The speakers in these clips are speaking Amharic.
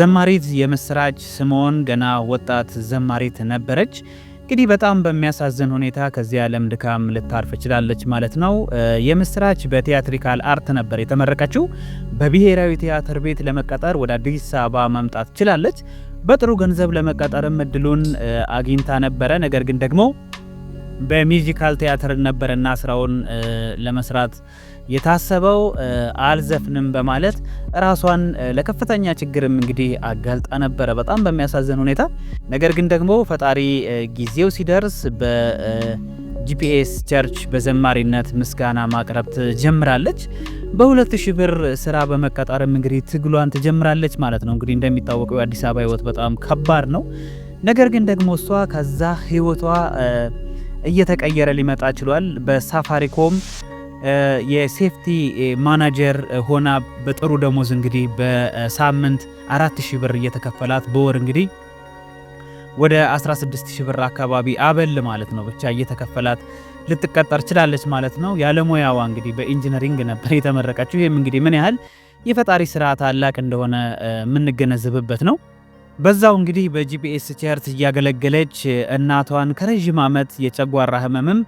ዘማሪት የምስራች ስምዖን ገና ወጣት ዘማሪት ነበረች። እንግዲህ በጣም በሚያሳዝን ሁኔታ ከዚህ ዓለም ድካም ልታርፍ ችላለች ማለት ነው። የምስራች በቲያትሪካል አርት ነበር የተመረቀችው። በብሔራዊ ቲያትር ቤት ለመቀጠር ወደ አዲስ አበባ መምጣት ችላለች። በጥሩ ገንዘብ ለመቀጠርም እድሉን አግኝታ ነበረ። ነገር ግን ደግሞ በሚውዚካል ቲያትር ነበረና ስራውን ለመስራት የታሰበው አልዘፍንም በማለት ራሷን ለከፍተኛ ችግርም እንግዲህ አጋልጣ ነበረ በጣም በሚያሳዝን ሁኔታ። ነገር ግን ደግሞ ፈጣሪ ጊዜው ሲደርስ በጂፒኤስ ቸርች በዘማሪነት ምስጋና ማቅረብ ትጀምራለች። በ ሺህ ብር ስራ በመቀጠርም እንግዲህ ትግሏን ትጀምራለች ማለት ነው። እንግዲህ እንደሚታወቀው የአዲስ አበባ ህይወት በጣም ከባድ ነው። ነገር ግን ደግሞ እሷ ከዛ ህይወቷ እየተቀየረ ሊመጣ ችሏል። በሳፋሪኮም የሴፍቲ ማናጀር ሆና በጥሩ ደሞዝ እንግዲህ በሳምንት 4000 ብር እየተከፈላት በወር እንግዲህ ወደ 16000 ብር አካባቢ አበል ማለት ነው ብቻ እየተከፈላት ልትቀጠር ችላለች ማለት ነው። ያለሙያዋ እንግዲህ በኢንጂነሪንግ ነበር የተመረቀችው። ይህም እንግዲህ ምን ያህል የፈጣሪ ስራ ታላቅ እንደሆነ የምንገነዘብበት ነው። በዛው እንግዲህ በጂፒኤስ ቸርት እያገለገለች እናቷን ከረዥም ዓመት የጨጓራ ህመምም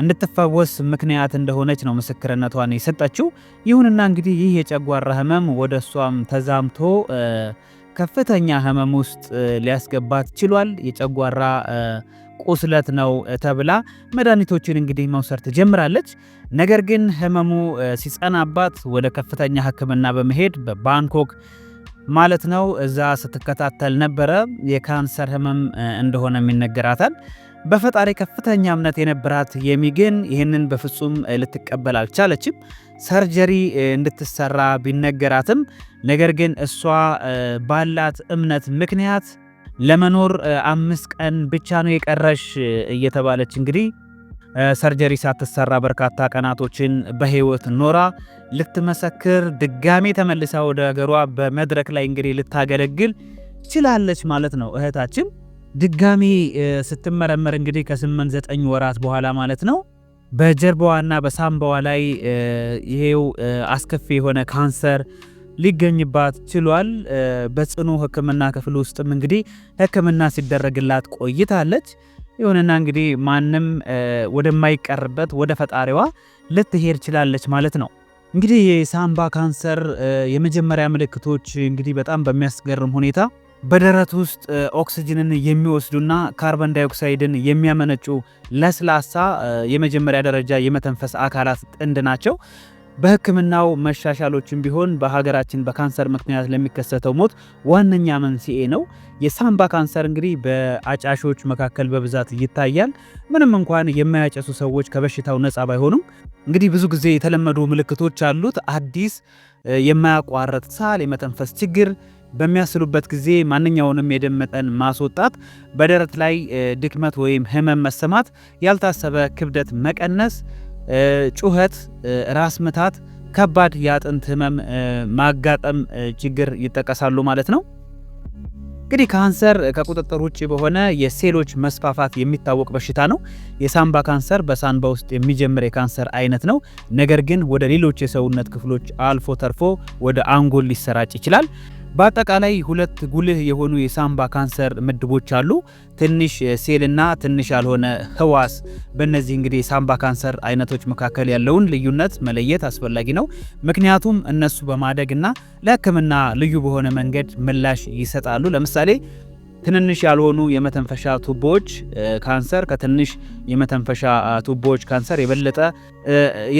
እንድትፈወስ ምክንያት እንደሆነች ነው ምስክርነቷን የሰጠችው። ይሁንና እንግዲህ ይህ የጨጓራ ህመም ወደ እሷም ተዛምቶ ከፍተኛ ህመም ውስጥ ሊያስገባት ችሏል። የጨጓራ ቁስለት ነው ተብላ መድኃኒቶችን እንግዲህ መውሰድ ትጀምራለች። ነገር ግን ህመሙ ሲጸናባት ወደ ከፍተኛ ሕክምና በመሄድ በባንኮክ ማለት ነው እዛ ስትከታተል ነበረ። የካንሰር ህመም እንደሆነ ይነገራታል። በፈጣሪ ከፍተኛ እምነት የነበራት የሚ ግን ይህንን በፍጹም ልትቀበል አልቻለችም። ሰርጀሪ እንድትሰራ ቢነገራትም ነገር ግን እሷ ባላት እምነት ምክንያት ለመኖር አምስት ቀን ብቻ ነው የቀረሽ እየተባለች እንግዲህ ሰርጀሪ ሳትሰራ በርካታ ቀናቶችን በህይወት ኖራ ልትመሰክር ድጋሜ ተመልሳ ወደ ሀገሯ በመድረክ ላይ እንግዲህ ልታገለግል ችላለች ማለት ነው እህታችን። ድጋሚ ስትመረመር እንግዲህ ከስምንት ዘጠኝ ወራት በኋላ ማለት ነው በጀርባዋና በሳምባዋ ላይ ይሄው አስከፊ የሆነ ካንሰር ሊገኝባት ችሏል። በጽኑ ሕክምና ክፍል ውስጥም እንግዲህ ሕክምና ሲደረግላት ቆይታለች። ይሁንና እንግዲህ ማንም ወደማይቀርበት ወደ ፈጣሪዋ ልትሄድ ችላለች ማለት ነው። እንግዲህ የሳምባ ካንሰር የመጀመሪያ ምልክቶች እንግዲህ በጣም በሚያስገርም ሁኔታ በደረት ውስጥ ኦክስጅንን የሚወስዱና ካርበን ዳይኦክሳይድን የሚያመነጩ ለስላሳ የመጀመሪያ ደረጃ የመተንፈስ አካላት ጥንድ ናቸው። በሕክምናው መሻሻሎችን ቢሆን በሀገራችን በካንሰር ምክንያት ለሚከሰተው ሞት ዋነኛ መንስኤ ነው። የሳምባ ካንሰር እንግዲህ በአጫሾች መካከል በብዛት ይታያል። ምንም እንኳን የማያጨሱ ሰዎች ከበሽታው ነፃ ባይሆኑም እንግዲህ ብዙ ጊዜ የተለመዱ ምልክቶች አሉት። አዲስ የማያቋረጥ ሳል፣ የመተንፈስ ችግር በሚያስሉበት ጊዜ ማንኛውንም የደም መጠን ማስወጣት፣ በደረት ላይ ድክመት ወይም ህመም መሰማት፣ ያልታሰበ ክብደት መቀነስ፣ ጩኸት፣ ራስ ምታት፣ ከባድ የአጥንት ህመም ማጋጠም ችግር ይጠቀሳሉ ማለት ነው። እንግዲህ ካንሰር ከቁጥጥር ውጭ በሆነ የሴሎች መስፋፋት የሚታወቅ በሽታ ነው። የሳምባ ካንሰር በሳንባ ውስጥ የሚጀምር የካንሰር አይነት ነው። ነገር ግን ወደ ሌሎች የሰውነት ክፍሎች አልፎ ተርፎ ወደ አንጎል ሊሰራጭ ይችላል። በአጠቃላይ ሁለት ጉልህ የሆኑ የሳምባ ካንሰር ምድቦች አሉ። ትንሽ ሴልና ትንሽ ያልሆነ ህዋስ። በእነዚህ እንግዲህ የሳምባ ካንሰር አይነቶች መካከል ያለውን ልዩነት መለየት አስፈላጊ ነው። ምክንያቱም እነሱ በማደግና ለህክምና ልዩ በሆነ መንገድ ምላሽ ይሰጣሉ። ለምሳሌ ትንንሽ ያልሆኑ የመተንፈሻ ቱቦዎች ካንሰር ከትንሽ የመተንፈሻ ቱቦዎች ካንሰር የበለጠ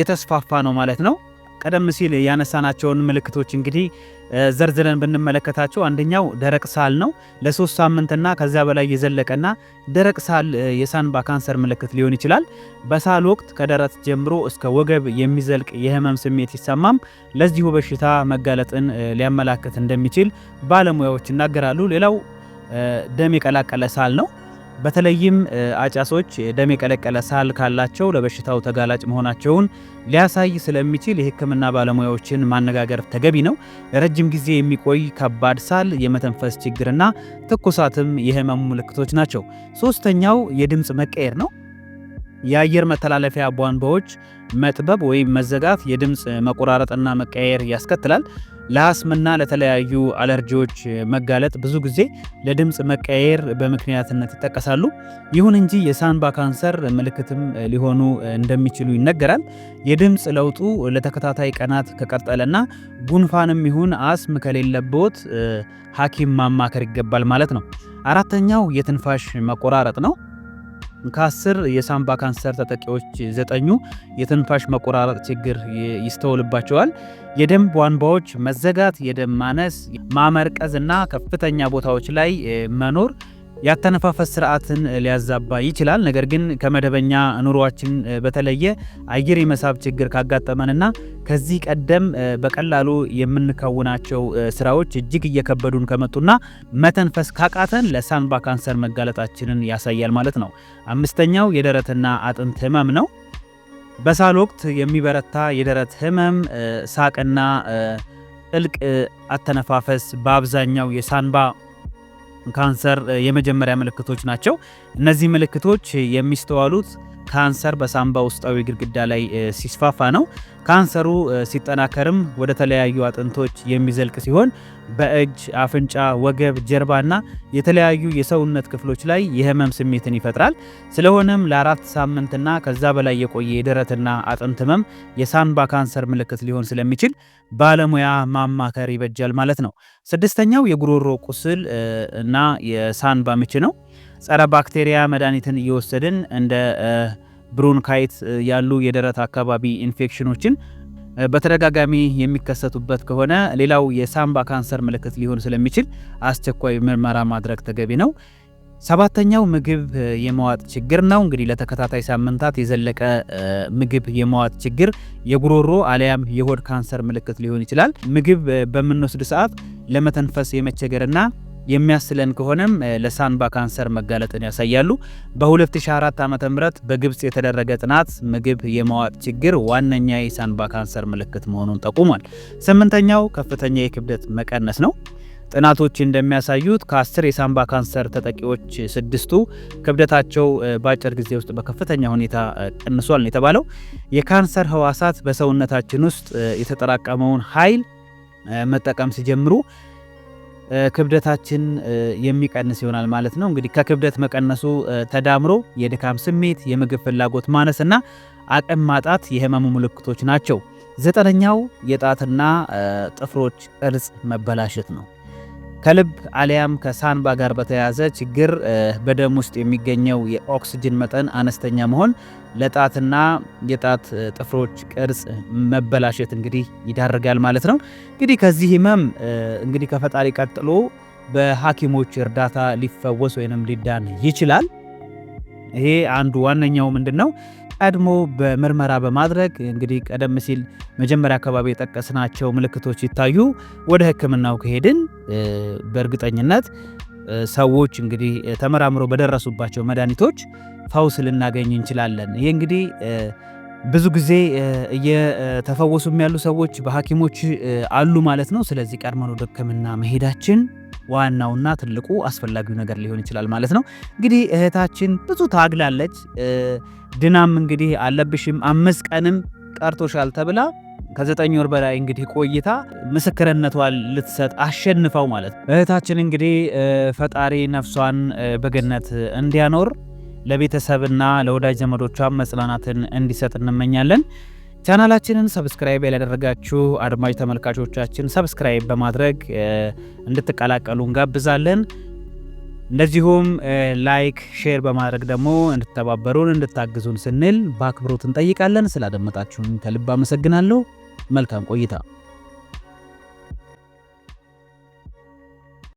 የተስፋፋ ነው ማለት ነው። ቀደም ሲል ያነሳናቸውን ምልክቶች እንግዲህ ዘርዝረን ብንመለከታቸው አንደኛው ደረቅ ሳል ነው። ለሶስት ሳምንትና ከዚያ በላይ የዘለቀና ደረቅ ሳል የሳንባ ካንሰር ምልክት ሊሆን ይችላል። በሳል ወቅት ከደረት ጀምሮ እስከ ወገብ የሚዘልቅ የህመም ስሜት ሲሰማም ለዚሁ በሽታ መጋለጥን ሊያመላክት እንደሚችል ባለሙያዎች ይናገራሉ። ሌላው ደም የቀላቀለ ሳል ነው። በተለይም አጫሶች ደም የቀለቀለ ሳል ካላቸው ለበሽታው ተጋላጭ መሆናቸውን ሊያሳይ ስለሚችል የሕክምና ባለሙያዎችን ማነጋገር ተገቢ ነው። ለረጅም ጊዜ የሚቆይ ከባድ ሳል፣ የመተንፈስ ችግርና ትኩሳትም የህመሙ ምልክቶች ናቸው። ሶስተኛው የድምፅ መቀየር ነው። የአየር መተላለፊያ ቧንቧዎች መጥበብ ወይም መዘጋት የድምፅ መቆራረጥና መቀየር ያስከትላል። ለአስምና ለተለያዩ አለርጂዎች መጋለጥ ብዙ ጊዜ ለድምፅ መቀየር በምክንያትነት ይጠቀሳሉ። ይሁን እንጂ የሳንባ ካንሰር ምልክትም ሊሆኑ እንደሚችሉ ይነገራል። የድምፅ ለውጡ ለተከታታይ ቀናት ከቀጠለና ጉንፋንም ይሁን አስም ከሌለቦት ሐኪም ማማከር ይገባል ማለት ነው። አራተኛው የትንፋሽ መቆራረጥ ነው። ከአስር የሳምባ ካንሰር ተጠቂዎች ዘጠኙ የትንፋሽ መቆራረጥ ችግር ይስተውልባቸዋል። የደም ቧንቧዎች መዘጋት፣ የደም ማነስ፣ ማመርቀዝ እና ከፍተኛ ቦታዎች ላይ መኖር ያተነፋፈስ ስርዓትን ሊያዛባ ይችላል። ነገር ግን ከመደበኛ ኑሯችን በተለየ አየር የመሳብ ችግር ካጋጠመንና ከዚህ ቀደም በቀላሉ የምንከውናቸው ስራዎች እጅግ እየከበዱን ከመጡና መተንፈስ ካቃተን ለሳንባ ካንሰር መጋለጣችንን ያሳያል ማለት ነው። አምስተኛው የደረትና አጥንት ህመም ነው። በሳል ወቅት የሚበረታ የደረት ህመም፣ ሳቅና ጥልቅ አተነፋፈስ በአብዛኛው የሳንባ ካንሰር የመጀመሪያ ምልክቶች ናቸው። እነዚህ ምልክቶች የሚስተዋሉት ካንሰር በሳምባ ውስጣዊ ግድግዳ ላይ ሲስፋፋ ነው። ካንሰሩ ሲጠናከርም ወደ ተለያዩ አጥንቶች የሚዘልቅ ሲሆን በእጅ፣ አፍንጫ፣ ወገብ፣ ጀርባና የተለያዩ የሰውነት ክፍሎች ላይ የህመም ስሜትን ይፈጥራል። ስለሆነም ለአራት ሳምንትና ከዛ በላይ የቆየ የደረትና አጥንት ህመም የሳንባ ካንሰር ምልክት ሊሆን ስለሚችል ባለሙያ ማማከር ይበጃል ማለት ነው። ስድስተኛው የጉሮሮ ቁስል እና የሳንባ ምች ነው። ጸረ ባክቴሪያ መድኃኒትን እየወሰድን እንደ ብሮንካይት ያሉ የደረት አካባቢ ኢንፌክሽኖችን በተደጋጋሚ የሚከሰቱበት ከሆነ ሌላው የሳምባ ካንሰር ምልክት ሊሆን ስለሚችል አስቸኳይ ምርመራ ማድረግ ተገቢ ነው። ሰባተኛው ምግብ የመዋጥ ችግር ነው። እንግዲህ ለተከታታይ ሳምንታት የዘለቀ ምግብ የመዋጥ ችግር የጉሮሮ አለያም የሆድ ካንሰር ምልክት ሊሆን ይችላል። ምግብ በምንወስድ ሰዓት ለመተንፈስ የመቸገርና የሚያስለን ከሆነም ለሳንባ ካንሰር መጋለጥን ያሳያሉ። በ2004 ዓ ም በግብፅ የተደረገ ጥናት ምግብ የመዋጥ ችግር ዋነኛ የሳንባ ካንሰር ምልክት መሆኑን ጠቁሟል። ስምንተኛው ከፍተኛ የክብደት መቀነስ ነው። ጥናቶች እንደሚያሳዩት ከአስር የሳንባ ካንሰር ተጠቂዎች ስድስቱ ክብደታቸው በአጭር ጊዜ ውስጥ በከፍተኛ ሁኔታ ቀንሷል የተባለው። የካንሰር ህዋሳት በሰውነታችን ውስጥ የተጠራቀመውን ኃይል መጠቀም ሲጀምሩ ክብደታችን የሚቀንስ ይሆናል ማለት ነው። እንግዲህ ከክብደት መቀነሱ ተዳምሮ የድካም ስሜት፣ የምግብ ፍላጎት ማነስና አቅም ማጣት የህመሙ ምልክቶች ናቸው። ዘጠነኛው የጣትና ጥፍሮች ቅርጽ መበላሸት ነው። ከልብ አሊያም ከሳንባ ጋር በተያያዘ ችግር በደም ውስጥ የሚገኘው የኦክስጅን መጠን አነስተኛ መሆን ለጣትና የጣት ጥፍሮች ቅርጽ መበላሸት እንግዲህ ይዳርጋል ማለት ነው። እንግዲህ ከዚህ ህመም እንግዲህ ከፈጣሪ ቀጥሎ በሐኪሞች እርዳታ ሊፈወስ ወይንም ሊዳን ይችላል። ይሄ አንዱ ዋነኛው ምንድን ነው ቀድሞ በምርመራ በማድረግ እንግዲህ ቀደም ሲል መጀመሪያ አካባቢ የጠቀስናቸው ምልክቶች ሲታዩ ወደ ሕክምናው ከሄድን በእርግጠኝነት ሰዎች እንግዲህ ተመራምሮ በደረሱባቸው መድኃኒቶች ፈውስ ልናገኝ እንችላለን። ይህ እንግዲህ ብዙ ጊዜ እየተፈወሱም ያሉ ሰዎች በሐኪሞች አሉ ማለት ነው። ስለዚህ ቀድመን ወደ ሕክምና መሄዳችን ዋናውና ትልቁ አስፈላጊው ነገር ሊሆን ይችላል ማለት ነው። እንግዲህ እህታችን ብዙ ታግላለች። ድናም እንግዲህ አለብሽም አምስት ቀንም ቀርቶሻል ተብላ ከዘጠኝ ወር በላይ እንግዲህ ቆይታ ምስክርነቷን ልትሰጥ አሸንፈው ማለት ነው። እህታችን እንግዲህ ፈጣሪ ነፍሷን በገነት እንዲያኖር ለቤተሰብና ለወዳጅ ዘመዶቿ መጽናናትን እንዲሰጥ እንመኛለን። ቻናላችንን ሰብስክራይብ ያላደረጋችሁ አድማጭ ተመልካቾቻችን ሰብስክራይብ በማድረግ እንድትቀላቀሉ እንጋብዛለን። እንደዚሁም ላይክ፣ ሼር በማድረግ ደግሞ እንድትተባበሩን እንድታግዙን ስንል በአክብሮት እንጠይቃለን። ስላደመጣችሁን ከልብ አመሰግናለሁ። መልካም ቆይታ